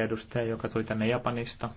edustaja, joka tuli tänne Japanista.